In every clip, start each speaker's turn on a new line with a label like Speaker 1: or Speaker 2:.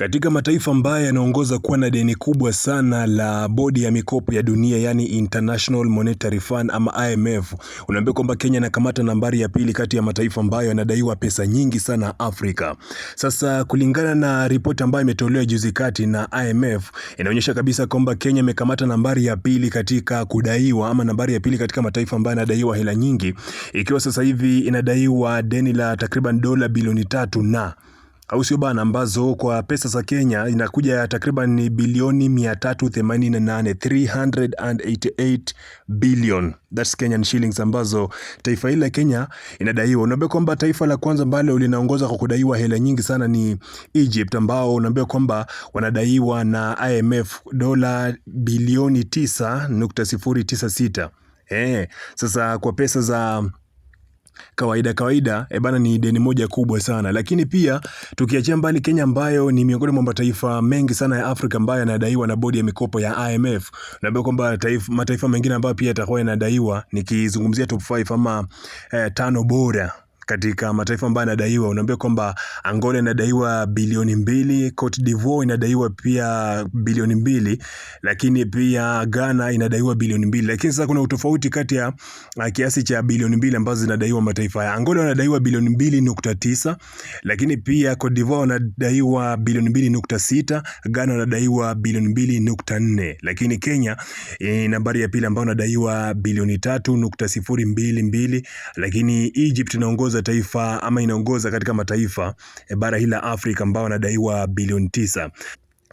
Speaker 1: Katika mataifa ambayo yanaongoza kuwa na deni kubwa sana la bodi ya mikopo ya dunia yani International Monetary Fund ama IMF, unaambia kwamba Kenya inakamata nambari ya pili kati ya mataifa ambayo yanadaiwa pesa nyingi sana Afrika. Sasa kulingana na ripoti ambayo imetolewa juzi kati na IMF, inaonyesha kabisa kwamba Kenya imekamata nambari ya pili katika kudaiwa ama nambari ya pili katika mataifa ambayo yanadaiwa hela nyingi, ikiwa sasa hivi inadaiwa deni la takriban dola bilioni tatu na au sio bana, ambazo kwa pesa za Kenya inakuja takriban bilioni 388, 388 billion that's Kenyan shillings, ambazo taifa hili la Kenya inadaiwa. Unaambia kwamba taifa la kwanza ambalo linaongoza kwa kudaiwa hela nyingi sana ni Egypt, ambao unaambia kwamba wanadaiwa na IMF dola bilioni 9.096. Eh, sasa kwa pesa za kawaida kawaida ebana eh, ni deni moja kubwa sana lakini pia tukiachia mbali Kenya ambayo ni miongoni mwa mataifa mengi sana ya Afrika ambayo yanadaiwa na bodi ya mikopo ya IMF naambia kwamba mataifa mengine ambayo pia yatakuwa yanadaiwa nikizungumzia top 5 ama eh, tano bora katika mataifa ambayo yanadaiwa. Unaambia kwamba Angola inadaiwa bilioni mbili, Cote d'Ivoire inadaiwa pia bilioni mbili, lakini pia Ghana inadaiwa bilioni mbili. Lakini sasa kuna utofauti kati ya uh, kiasi cha bilioni mbili ambazo zinadaiwa mataifa haya. Angola wanadaiwa bilioni mbili nukta tisa, lakini pia Cote d'Ivoire wanadaiwa bilioni mbili nukta sita, Ghana wanadaiwa bilioni mbili nukta nne, lakini Kenya e, nambari ya pili ambayo wanadaiwa bilioni tatu nukta sifuri mbili mbili, lakini Egypt inaongoza inaongoza taifa ama inaongoza katika mataifa e, bara hili la Afrika ambao wanadaiwa bilioni tisa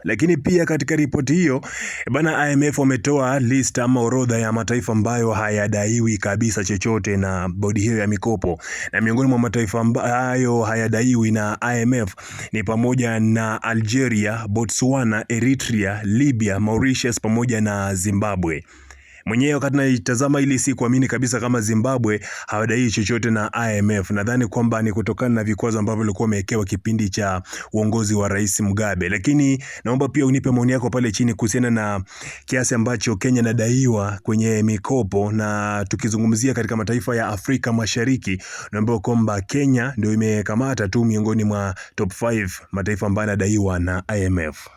Speaker 1: lakini pia katika ripoti hiyo eh, bana, IMF wametoa list ama orodha ya mataifa ambayo hayadaiwi kabisa chochote na bodi hiyo ya mikopo, na miongoni mwa mataifa ambayo hayadaiwi na IMF ni pamoja na Algeria, Botswana, Eritrea, Libya, Mauritius pamoja na Zimbabwe mwenyewe wakati naitazama ili si kuamini kabisa kama Zimbabwe hawadai chochote na IMF. Nadhani kwamba ni kutokana na vikwazo ambavyo walikuwa wamewekewa kipindi cha uongozi wa Rais Mugabe, lakini naomba pia unipe maoni yako pale chini kuhusiana na kiasi ambacho Kenya nadaiwa kwenye mikopo, na tukizungumzia katika mataifa ya Afrika Mashariki, naomba kwamba Kenya ndio imekamata tu miongoni mwa top 5 mataifa ambayo yanadaiwa na IMF.